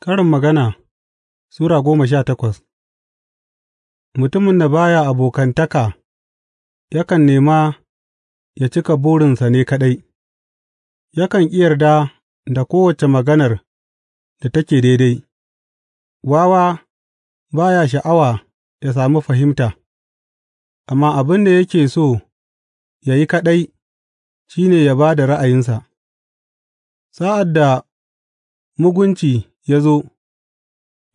Karin Magana Sura goma sha takwas Mutumin da baya abokantaka yakan nema ya cika burinsa ne kaɗai; yakan ƙi yarda da kowace maganar da take daidai, wawa ba ya sha'awa ya sami fahimta, amma abin da yake so ya yi kaɗai shi ne ya ba da ra'ayinsa. Sa'ad da mugunci ya zo,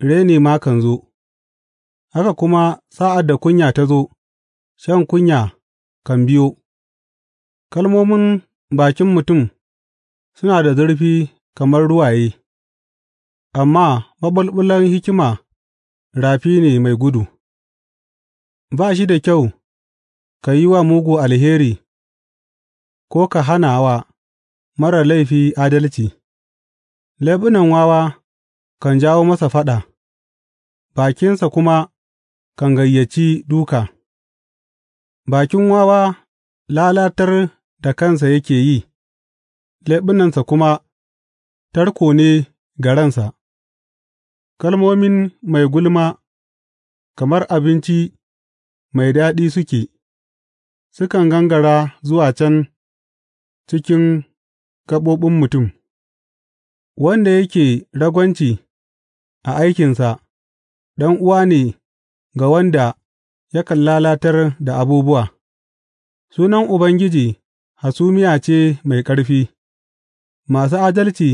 reni ma kan zo, haka kuma sa'ad da kunya ta zo, shan kunya kan biyo, kalmomin bakin mutum suna da zurfi kamar ruwaye, amma maɓulɓulan hikima rafi ne mai gudu, ba shi da kyau ka yi wa mugu alheri ko ka hana wa marar laifi adalci, leɓunan wawa kan jawo masa faɗa, bakinsa kuma kan gayyaci duka. bakin wawa lalatar da kansa yake yi, leɓunansa kuma tarko ne ga ransa; kalmomin mai gulma kamar abinci mai daɗi suke, sukan gangara zuwa can cikin gaɓoɓin mutum, wanda yake ragwanci. a aikinsa, ɗan'uwa ne ga wanda yakan lalatar da abubuwa; sunan Ubangiji hasumiya ce mai ƙarfi, masu adalci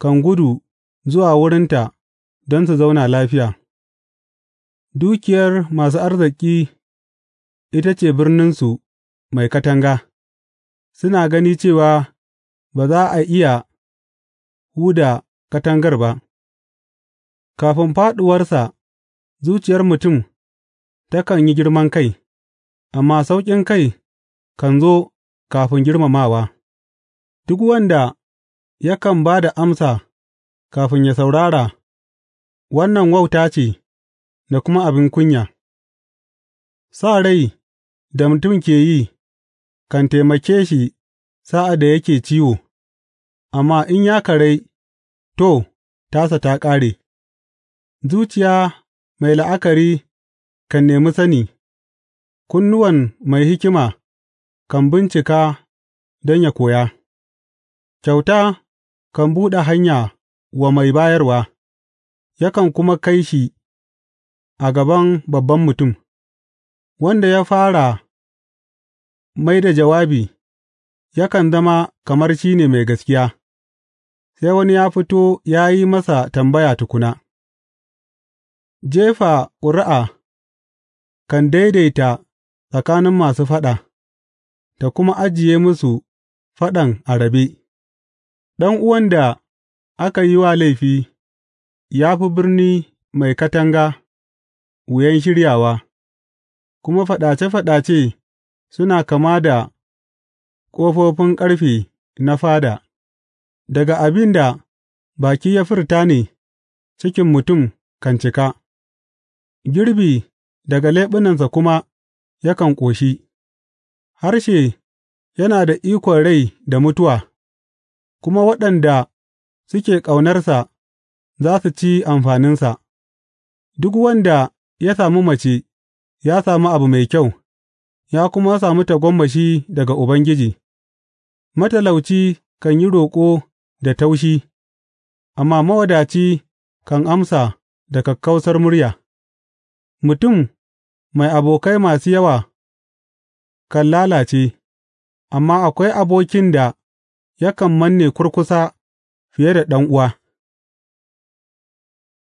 kan gudu zuwa wurinta don su zauna lafiya; dukiyar masu arziki ita ce birninsu mai katanga, suna gani cewa ba za a iya huda katangar ba. Kafin fāɗuwarsa zuciyar mutum takan yi girman kai, amma sauƙin kai kan zo kafin girmamawa; duk wanda yakan ba da amsa kafin ya saurara, wannan wauta ce da kuma abin kunya; sa rai da mutum ke yi kan taimake shi sa'ad da yake ciwo, amma in ya karai, to, tasa ta ƙare. Zuciya mai la'akari kan nemi sani, kunnuwan mai hikima kan bincika don yă koya; kyauta kan buɗe hanya wa mai bayarwa yakan kuma kai shi a gaban babban mutum; wanda ya fara mai da jawabi yakan zama kamar shi ne mai gaskiya, sai wani ya fito ya yi masa tambaya tukuna. Jefa ƙuri'a kan daidaita tsakanin masu faɗa ta kuma ajiye musu faɗan a rabe; ɗan'uwan da aka yi wa laifi ya fi birni mai katanga wuyan shiryawa, kuma faɗace faɗace suna kama da ƙofofin ƙarfe na fada; daga abin da baki ya furta ne cikin mutum kan cika. Girbi daga leɓunansa kuma yakan ƙoshi; harshe yana da ikon rai da mutuwa, kuma waɗanda suke ƙaunarsa za su ci amfaninsa; duk wanda ya sami mace ya sami abu mai kyau ya kuma sami tagomashi daga Ubangiji; matalauci kan yi roƙo da taushi, amma mawadaci kan amsa da kakkausar murya. Mutum mai abokai masu yawa kan lalace, amma akwai abokin da yakan manne kurkusa fiye da ɗan'uwa.